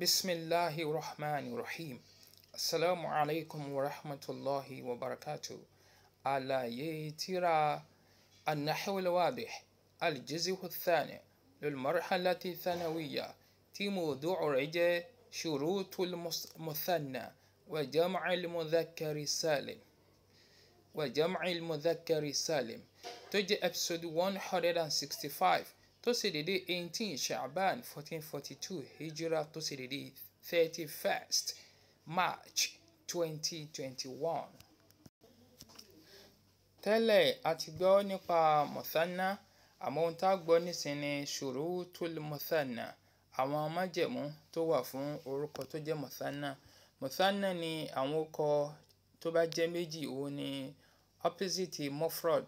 بسم الله الرحمن الرحيم السلام عليكم ورحمة الله وبركاته على يترى النحو الواضح الجزء الثاني للمرحلة الثانوية في موضوع رجع شروط المثنى وجمع المذكر السالم وجمع المذكر السالم تجي episode 165 tó ṣe dédé eighteen shaban fourteen forty two hijira tó ṣe dédé thirty first march twenty twenty one. tẹ́lẹ̀ a ti gbọ́ nípa mọ̀sánná àmọ́ ohun tá a gbọ́ nísìnyí ṣurutul mọ̀sánná àwọn májẹ̀mú tó wà fún orúkọ tó jẹ́ mọ̀sánná mọ̀sánná ni àwọn orúkọ tó bá jẹ́ méjì òun ni opposite mofrod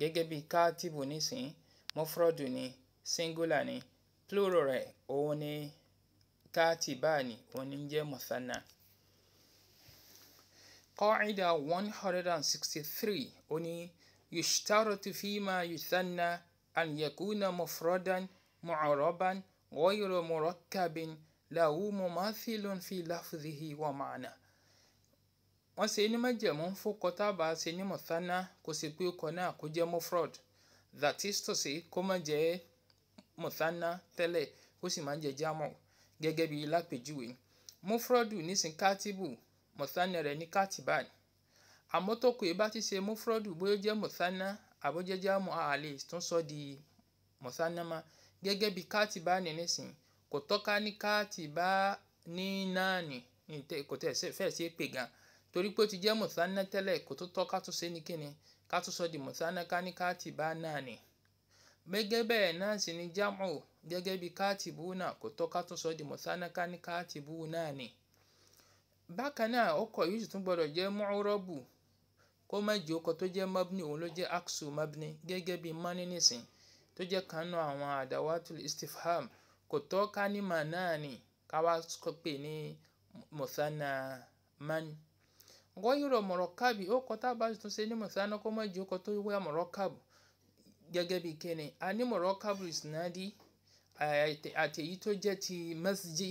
gẹ́gẹ́ bí káàtìbù nísìnyí mofrod ni singular ni plural rẹ̀ òun ni katibani òun ni ń sixty three, قاعدة 163 أني يشترط فيما يثنى أن يكون مفردا معربا غير مركب له مماثل في لفظه ومعناه wọ́n ṣe ní májẹ̀mú fún kọ́tàbà ṣe ní mọ̀sánà kò sì pé ọkọ̀ náà kó jẹ́ mufrod that is to say kó má jẹ́ mọ̀tánà tẹ́lẹ̀ ó sì máa ń jẹ jámọ̀ gẹ́gẹ́ bí lápèjúwe mufrodu nísìn kátìbù mọ̀tánà rẹ̀ ní kátìbàn àmọ́ tó kù bá ti ṣe mufrodu bóyá ó jẹ́ mọ̀tánà àbójẹ́ jámọ̀ a lè sọ di mọ̀tánà ma gẹ́gẹ́ bí kátìbàn nísìn kò tọ́ka ní kátìbàn náà ní kò tẹ̀ fẹ́ ṣe pè gan torí pé ó ti jẹ́ mọ̀tánà tẹ́lẹ̀ kò tó tọ́ ká tún ṣe ní kíni ká tún sọ di mọ̀tánà ká ní kátìbàn náà ní gẹ́gẹ́ bẹ́ẹ̀ náà sì ni jámù gẹ́gẹ́ bí káàtìbù náà kò tọ́ ká tún sọ di mọ̀sánáká ní káàtìbù náà ni. bákan náà ọkọ̀ yìí tún gbọ́dọ̀ jẹ́ mọ́ọ́rọ́bù kó má jẹ́ ọkọ̀ tó jẹ́ mabni òun ló jẹ́ aksu mabni gẹ́gẹ́ bí mani nísìn tó jẹ́ kanú àwọn àdáwàtul istifham kò tọ́ ká ní mà náà ni ká wá pè ní mọ̀sánà man. gọ́yìrọ̀ mọ̀rọ̀kábì ọkọ̀ tá a bá tún ṣe ní mọ̀sánà kó má jẹ́ ọkọ̀ tó wẹ́ mọ̀rọ̀kábù gẹ́gẹ́ bíi kẹ́ni a ní mọ̀rọ́kábù ìsìnádì àtẹ̀yí tó jẹ́ ti masji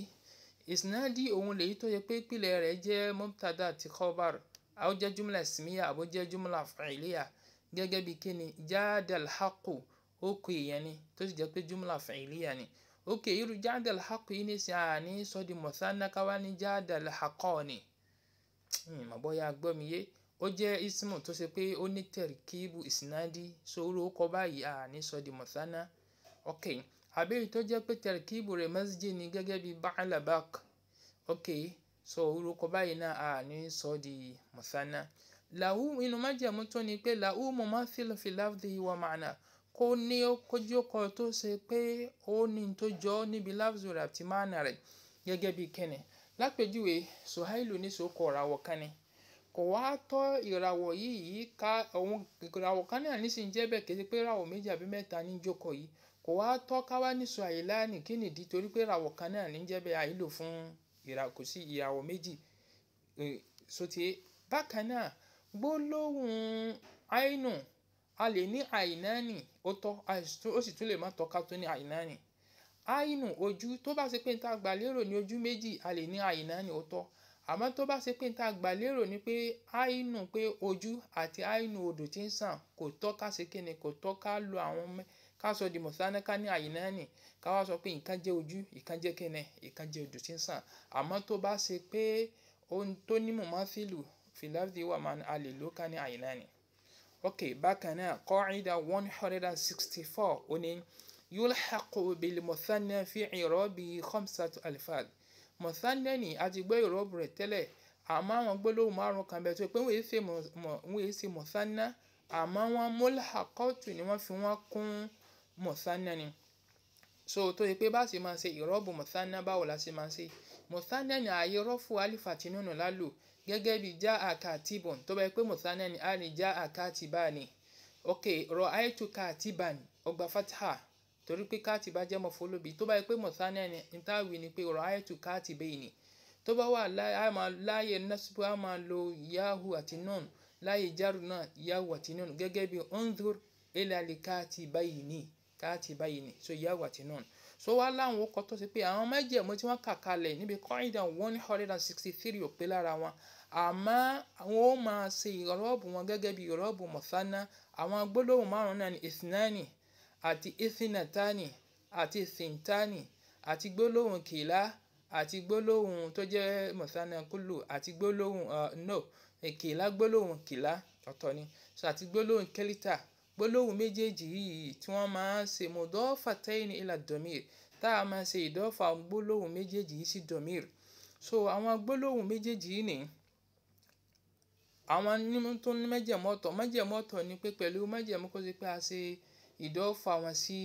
ìsìnádì òun lèyí tó yẹ pé ìpìlẹ̀ rẹ̀ jẹ́ mubtada àti khabar àwọn jẹ́ jumla ismiya àbó jẹ́ jumla fa'iliya gẹ́gẹ́ bíi kẹ́ni jadal haqu ó kọ èèyàn ni tó sì jẹ́ pé jumla fa'iliya ni ok irú jadal haqu yìí ní sin àní sọ́dí mọ̀sánná káwá ní jadal haqani màbọ́yá hmm, gbọ́ mi yé ó jẹ́ ismu tó ṣe pé ó ní tẹ̀ríkìbù ìsínádì so irú orúkọ báyìí a ní sọ di mọ̀sánà ok àbẹ́rẹ́ tó jẹ́ pé tẹ̀ríkìbù rẹ̀ masji ni gẹ́gẹ́ bí ba'alabak ok so irú orúkọ báyìí náà a ní sọ làwù inú májàmú tó ni pé làwù mo máa ń fìlọ̀ fìlàfdì wà màánà kó ní kójú ọkọ tó ṣe pé ó ní tó jọ níbi láfzùrà àti máàna rẹ̀ gẹ́gẹ́ bí kẹ́ni lápèjúwe Suhailu ní sòkò ọ̀ràwọ̀ kan ni. So kò wá tọ́ ìràwọ̀ yìí yìí ká òun ìràwọ̀ kan náà nísìnyí jẹ́ bẹ́ẹ̀ kéde pé ìràwọ̀ méjì àbí mẹ́ta ní jókòó yìí kò wá tọ́ ká wá níṣu àyíláàní kí nìdí torí pé ìràwọ̀ kan náà ní jẹ́ bẹ́ẹ̀ àyílò fún kò sí ìràwọ̀ méjì sotie bákan náà gbólóhùn àìnù a lè ní àìnáàní ó tọ́ ó sì tún lè má tọ́ ká tó ní àìnáàní àìnù ojú tó bá ṣe pé níta gbà lérò ní ojú méjì a lè ní àìnáàní ó tọ́ àmọ́ tó bá ṣe pé n ta gbà lérò ni pé àínú pé ojú àti àínú odò tí ń sàn kò tọ́ ká ṣe kíni kò tọ́ ká lo àwọn ká sọ di mọ̀sánẹ́ká ní àyè náà nì ká wá sọ pé nǹkan jẹ́ ojú nǹkan jẹ́ kíni nǹkan jẹ́ odò tí ń sàn àmọ́ tó bá ṣe pé ohun tó ní mọ̀mọ́ fìlù fìlàfì wà máa a lè lò ká ní àyè náà nì. ok bákan náà qaida one hundred and sixty four ó ní yulhaqu bil muthanna fi i'rabi Mọ̀sálẹ́nì a ti gbọ́ ìró rẹ̀ tẹ́lẹ̀ àmọ́ àwọn gbólóhùn márùn-ún kan bẹ́ẹ̀ tó pé wọ́n èsè wọ́n èsè mọ̀sánná àmọ́ wọ́n mọ́làkọ́tù ni wọ́n fi wọ́n kún mọ̀sánná ni. So tó yẹ pé bá ṣe máa ṣe ìrọ́bù mọ̀sánná báwo la ṣe máa ṣe. Mọ̀sánná ni ààyè rọ́fù alifàtì nínú lálò gẹ́gẹ́ bí já àkàtìbọ̀n tó bá yẹ pé mọ̀sánná ni a ní já àkàtìbà ni. Ok, rọ̀ àìtú kàtìbà ni ọgbà fataha torí pé káàtì bá jẹ́ mọ̀fólóbì tó bá yẹ pé mọ̀sánìá ni ntáwì ni pé ọ̀rọ̀ ayẹ̀tù káàtì bẹ́ẹ̀ ni tó bá wà láàyè nasibu a máa lo yahu àti nun láàyè jaru náà yahu àti nun gẹ́gẹ́ bí ondur elali káàtì báyìí ni káàtì báyìí ni so yahu àti nun so wá láwọn ó kọ́ tó ṣe pé àwọn májèmú tí wọ́n kà kalẹ̀ níbi kọ́ńdà one hundred and sixty three ò pé lára wọn àmọ́ wọn ó máa ṣe ìrọ́bù wọn gẹ́gẹ́ bí ìrọ́bù mọ̀sánà àwọn gbólóhùn márùn-ún náà ni ìsìnáàní àti ithinatani àti thintani àti gbólóhùn kìlá àti gbólóhùn tó jẹ́ mọ̀sánakúlù àti gbólóhùn uh, no kìlá gbólóhùn kìlá ọ̀tọ̀ ni so àti gbólóhùn kẹ́lítà gbólóhùn méjèèjì yìí tí wọ́n máa ń ṣe mọ̀dọ́fà tẹ́yìn ìlà dọ̀míìr tá a máa ṣe ìdọ́fà gbólóhùn méjèèjì yìí sí dọ̀míìr so àwọn gbólóhùn méjèèjì yìí nìyí àwọn tó ní májẹ̀mú ọ̀tọ̀ ni pé pẹ̀lú májẹ̀mú kó ṣe pé a ṣe ìdọ́fà wọn sí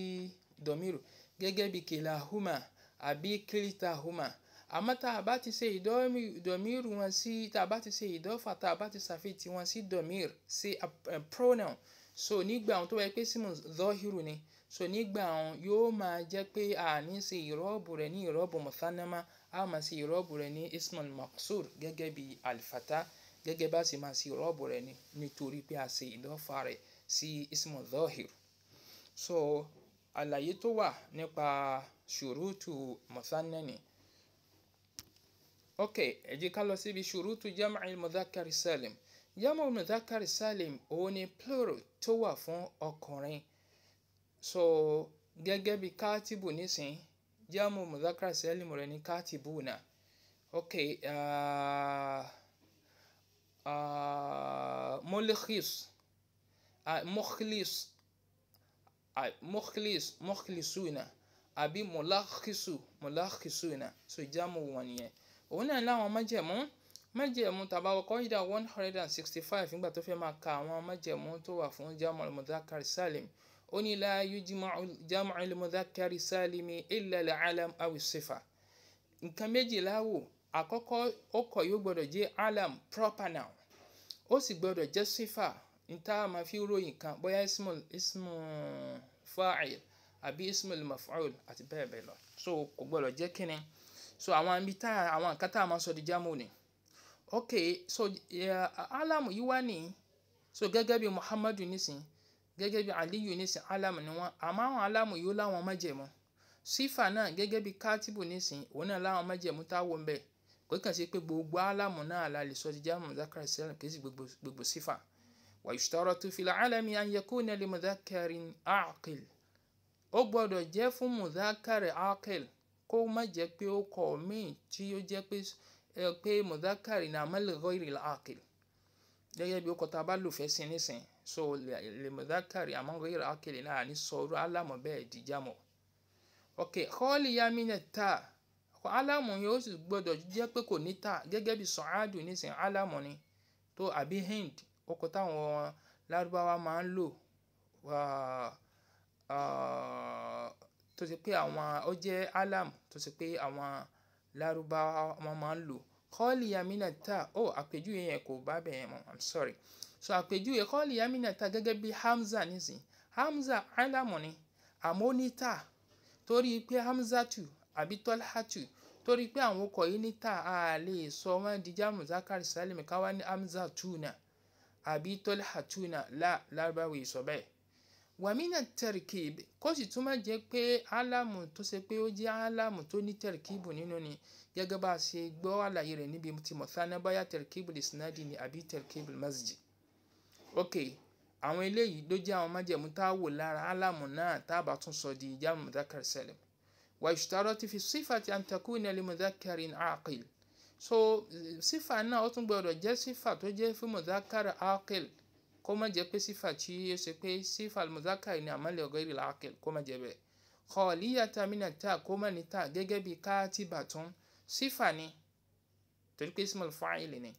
dọ̀míìrù gẹ́gẹ́ bí huma àbí kìlítàhùmà àmọ́ tá a bá ti ṣe ìdọ̀míìrù wọn sí tá a bá ti ṣe ìdọ́fà tá a bá ti ṣàfihàn wọn sí dọ̀míìrù sí eh, pronoun so nígbà àwọn tó wáyé pé símù zọ́hírù ni so nígbà àwọn yóò máa jẹ́ pé àní ṣe ìrọ́bù rẹ̀ ní ìrọ́bù mùsánnámá a máa ṣe ìrọ́bù rẹ̀ ní ismail maksur gẹ́gẹ́ bí alifata gẹ́gẹ́ bá sì máa ṣe ìrọ́bù rẹ̀ ní nítorí pé a ṣe ìdọ́fà rẹ̀ sí ismail zọ́hírù so àlàyé tó wà nípa ṣùrùtù mọ̀sánẹ́nì ok ẹ jẹ́ ká lọ síbi ṣùrùtù jam'i mudhakkari salim jam'i mudhakkari salim òun ni plural tó wà fún ọkùnrin so gẹ́gẹ́ bí kátìbù nísìn jam'i mudhakkari salim rẹ̀ ní kátìbù náà ok uh, ah, uh, ah, mulikhis uh, mukhlis ah, mukhlis mukhlisuna àbí mulakhisu mulakhisuna so ìjámu wọn nìyẹn òun náà láwọn májẹ̀mú májẹ̀mú tàbá ọkọ̀ ìdá one hundred and sixty five nígbà tó fẹ́ máa ka àwọn májẹ̀mú tó wà fún jamu al-mudhakkar salim ó ní la yujma'u jamu al-mudhakkar salimi illa al-alam awi sifa nǹkan méjì láwò àkọ́kọ́ ó kọ̀ yóò gbọ́dọ̀ jẹ́ alam proper noun ó sì gbọ́dọ̀ jẹ́ sifa níta máa fi ròyìn kan bóyá ismul ismu fa'il àbí ismul maf'ul àti bẹ́ẹ̀ bẹ́ẹ̀ lọ so kò gbọ́dọ̀ jẹ́ kínní so àwọn ibi tá àwọn nǹkan tá a máa sọ di jámù ni ok so uh, alamu yìí wá nìyí so gẹ́gẹ́ bí muhammadu nísìn gẹ́gẹ́ bí aliyu nísìn alamu ni wọ́n àmọ́ àwọn alamu yìí láwọn májẹ̀mú sífà náà gẹ́gẹ́ bí kátìbù nísìn òun náà láwọn májẹ̀mú táwọn bẹ́ẹ̀ kò kàn sí pé gbogbo alamu náà la lè sọ di jámù zakari sílẹ̀ kì í sì gbogbo sífà. ويشترط في العالم أن يكون لمذكر عاقل ó gbọ́dọ̀ jẹ́ fún mudhakari akil kó má jẹ́ pé ó kọ̀ míì tí ó jẹ́ pé pé mudhakari ní amal ghairil akil gẹ́gẹ́ bí ó kọ́ ta bá lò fẹ́ sí nísìn so lè mudhakari amal ghairil akil náà ní sọ̀rọ̀ alámọ̀ bẹ́ẹ̀ dìjàmọ̀ ok kọ́ọ̀lì yamina ta alámọ̀ yẹn ó sì gbọ́dọ̀ jẹ́ pé kò ní ta gẹ́gẹ́ bí sọ̀ádù nísìn alámọ̀ ni tó àbí hind orúkọ táwọn lárúbáwá máa ń lò tó ṣe pé àwọn ó jẹ́ alam tó ṣe pé àwọn lárúbáwá wọn máa ń lò kọ́ọ̀lì yamina ta ó àpèjúwe yẹn kò bá bẹ̀yẹn mọ́ i'm sorry so àpèjúwe kọ́ọ̀lì yamina ta gẹ́gẹ́ bí hamza nísìn hamza alamu ni àmọ́ ní ta torí pé tu àbí tolhatu torí pé àwọn ọkọ̀ yìí ní ta a lè sọ wọ́n di jamu zakari salim káwá ní hamza tuna àbí tọ́lá tuna la lárúbáwò sọ bẹ́ẹ̀. wàmínà tẹ̀rìkìb kó sì tún máa jẹ́ pé álámù tó ṣe pé ó jẹ́ álámù tó ní tẹ̀rìkìbù nínú ni gẹ́gẹ́ bá a ṣe gbọ́ àlàyé rẹ̀ níbi tí mọ̀tánà báyà tẹ̀rìkìbù lè sinadi ni àbí tẹ̀rìkìbù masjì. ok àwọn eléyìí ló jẹ́ àwọn májẹ̀mú tá a wò lára álámù náà tá a bá tún sọ di ìjà mudhakar salim. wàyùsùtàrọ̀ ti fi sífàtì àǹtakùn ní alimudhakarin aqil so sífà náà ó tún gbọdọ̀ jẹ́ sífà tó jẹ́ fún muzakar akil kó má jẹ́ pé sífà tí ó ṣe pé sífà muzakar ni àmàlẹ̀ ọ̀gẹ́rì akil kó má jẹ́ bẹ́ẹ̀ kọ̀ọ̀lìyàtà mínàtà kó má ní tà gẹ́gẹ́ bí káàtìbà tún sífà ni torí pé ismail fáìlì ni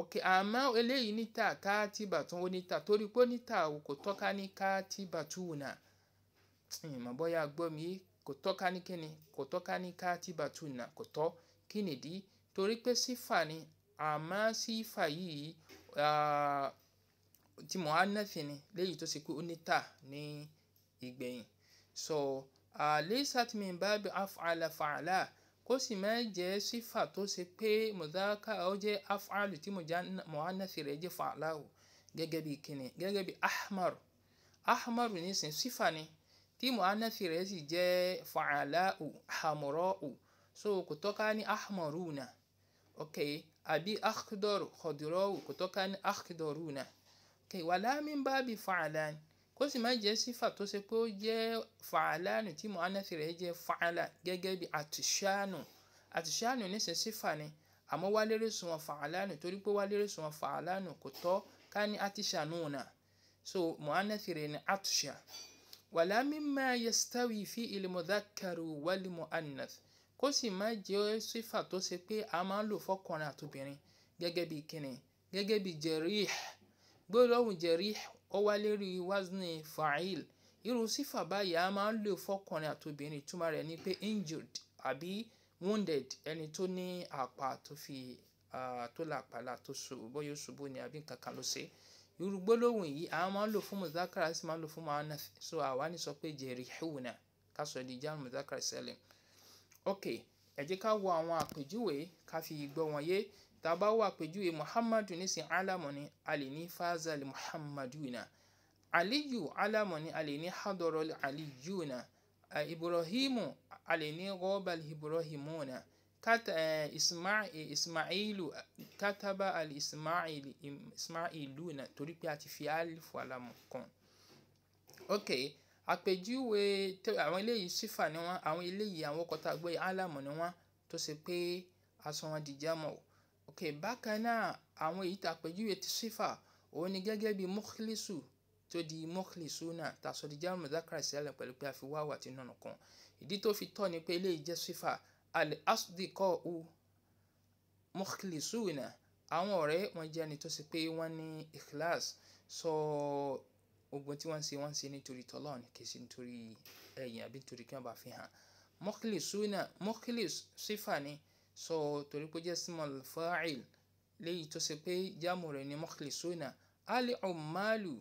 ok àmọ́ eléyìí níta káàtìbà tún ó níta torí pé ó níta kò tọ́ka ní káàtìbà túwùnà ìmọ̀ bọ́yá gbọ́ mi kò tọ́ka ní kíni kò tọ́ka ní káàtìbà túwùnà kò tọ́ kí nìdí torí pé sífà ni àmọ́ sífà yìí tí muannath ni léyìí tó ṣe pé ó ní tà ní ìgbẹ̀yìn so laysat min babi af'ala fa'ala kó sì máa jẹ́ sífà tó ṣe pé mudhaka ó jẹ́ af'alu tí muannath rẹ̀ jẹ́ fa'ala o gẹ́gẹ́ bí kíni gẹ́gẹ́ bí ahmar ahmar nísìn sífà ni tí muannath rẹ̀ sì jẹ́ fa'ala o hamurọ́ o so kò tọ́ka ní ahmaruna okay abi akhdaru khodirawu kutoka ni akhdaruna okay wala min babi fa'lan kó sì má jẹ́ sífà tó ṣe pé ó jẹ́ fa'lanu tí mu'annath rẹ̀ jẹ́ fa'ala gẹ́gẹ́ bí àtúnṣánù àtúnṣánù níṣẹ́ sífà ni àmọ́ wálérè sunwọ̀n fa'lanu torí pé wálérè sunwọ̀n fa'lanu kò tọ́ ká ní àtúnṣánùnà so mu'annath rẹ̀ ni àtúnṣà wala mimma yastawi fi il mudhakkaru wal mu'annath kó sì má jẹ́ sífà tó ṣe pé a máa ń lò fọkùnrin àtòbìnrin gẹ́gẹ́ bí kíni gẹ́gẹ́ bí jerih gbólóhùn jerih ó wá lérí wazni fa'il irú sífà báyìí a máa ń lò fọkùnrin àtòbìnrin ìtumọ̀ rẹ̀ ni pé injured àbí wounded ẹni tó ní àpá tó fi tó la àpàlà tó ṣubú bóyá ó ṣubú ni àbí nǹkan kan ló ṣe irú gbólóhùn yìí a máa ń lò fún muzakara a sì máa ń lò fún muannath so àwa ní sọ pé jerihuna ká sọ di jan muzakara salim ok ẹ jẹ́ ká wo àwọn àpèjúwe ká fi gbọ́ wọn yé tá a bá wo àpèjúwe muhammadu nísìn alamu ni a lè ní fazal muhammaduna aliyu alamu ni a lè ní hadorol aliyuna ibrahimu a lè ní gobal e, ismailu kataba al ismailuna torí pé a ti fi alifu alamu kan ok àpèjúwe àwọn eléyìí sífà ni wọ́n àwọn eléyìí àwọn ọkọ̀ tá a gbọ́ yìí álàmù ni wọ́n tó ṣe pé aṣọ wọn dìjà mọ̀ ok bákan náà àwọn èyí tá àpèjúwe ti sífà òun ni gẹ́gẹ́ bíi mọ́kílísù tó di mọ́kìlísù náà tàṣọ di jáàmù zakari sílẹ̀ pẹ̀lú pé a fi wáwà tí nínú kan ìdí tó fi tọ́ ni pé eléyìí jẹ́ sífà alẹ́ asdikọ́ u mọ́kìlísù náà àwọn ọ̀rẹ́ wọn jẹ́ ẹni tó ṣe pé wọ́n ní ìkíláàsì sọ. So, ogun tí wọ́n ń ṣe wọ́n ń ṣe nítorí tọ́lọ́run ni kì í ṣe nítorí ẹ̀yìn àbí nítorí kí wọ́n bá fi hàn mukhlisuna mukhlis sífà ni so torí pé jẹ́ simal fa'il léyìí tó ṣe pé jámù rẹ̀ ni mukhlisuna ali ummalu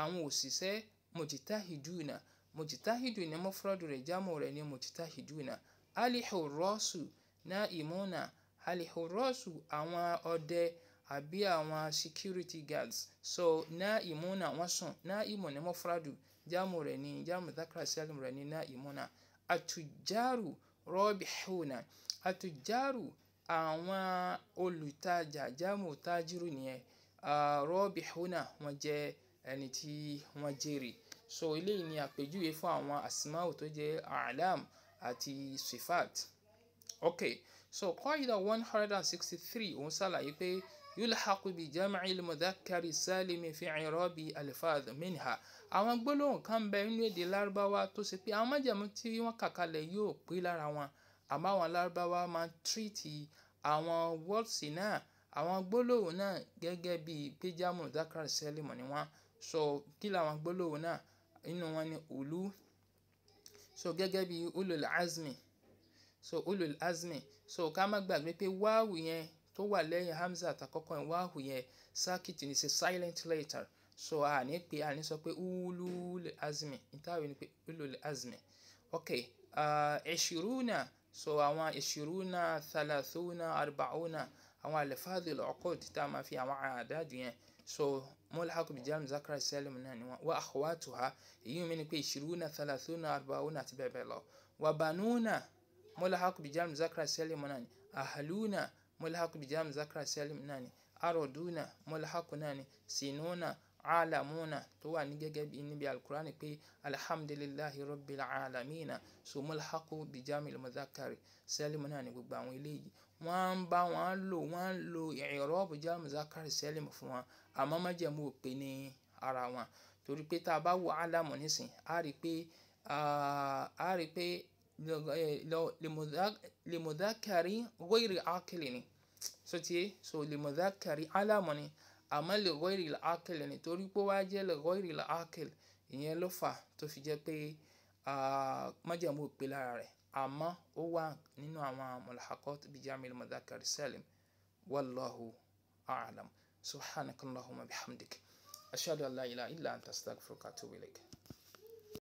àwọn òṣìṣẹ́ mujtahiduna mujtahidu ni mufradu jámù rẹ̀ ni mujtahiduna ali hurrasu naimuna ali hurrasu àwọn ọdẹ àbí àwọn security guards so naimuna wọ́n sùn naimu ni mufradu jáàmù rẹ̀ ní jáàmù dhakara salim rẹ̀ ní naimuna àtùjárù rọ́bìhùnà àtùjárù àwọn olùtajà jáàmù tajiru nìyẹn rọ́bìhùnà wọ́n jẹ́ ẹni tí wọ́n jèrè so eléyìí ni àpèjúwe fún àwọn asmau tó jẹ́ alam àti sifat ok so kọ́ ìdá one hundred and sixty three òun ṣàlàyé pé yulhaqu bi jam'il mudhakkari salimi fi i'rabi alifaz minha àwọn gbólóhùn kan bẹ nínú èdè lárúbáwá tó ṣe pé àwọn májàmú tí wọ́n kà kalẹ̀ yóò pé lára wọn àmọ́ àwọn lárúbáwá máa ń tírìtì àwọn wọ́ọ̀sì náà àwọn gbólóhùn náà gẹ́gẹ́ bíi pé jámù mudhakkari salimi ni wọ́n sọ kí làwọn gbólóhùn náà inú wọn ni ulu so gẹ́gẹ́ bíi ulul azmi so ulul azmi so ká má gbàgbé pé wáwù yẹn tó wà lẹ́yìn hamza àtàkọ́kọ́ yẹn wáhù yẹn sakit ní ṣe silent letter so a ní pé a ní sọ pé ulul azmi ìtàwé ni pé ulul azmi ok ẹ̀ṣirúnà so àwọn ẹ̀ṣirúnà thalathuna arbauna àwọn alifadil uqud tá a máa fi àwọn àdáàdì yẹn so mulhaq bi jam zakara salim náà ni wọn wa akhwatuha èyí mi ni pé ẹ̀ṣirúnà thalathuna arbauna àti bẹ́ẹ̀ bẹ́ẹ̀ lọ wa banuna mulhaq bi jam zakara náà ni ahluna mulhaku bi jami zakara salim náà ni aroduna mulhaku náà ni sinuna alamuna tó wà ní gẹ́gẹ́ bí níbi alukurani pé alhamdulillahi rabbil alamina so mulhaku bi jami muzakari salim náà ni gbogbo àwọn eléyìí wọ́n ń bá wọn lò wọ́n ń lo i'rabu jami muzakari salim fún wọn àmọ́ májẹ̀mú ò pé ní ara wọn torí pé tá a bá wo alamu nísìn a rí pé a rí pé limudakari ghairi akili ni so tiye so limudakari alamu ni àmọ́ lè ghairi akili ni torí pé wá jẹ́ lè ghairi akili ìyẹn ló fà tó fi jẹ́ pé májàmú òpè lára rẹ̀ àmọ́ ó wà nínú àwọn mulhaqat bijamil mudakari salim wallahu a'lam subhanakallahumma bihamdik ashhadu an la ilaha illa anta astaghfiruka wa atubu ilayk.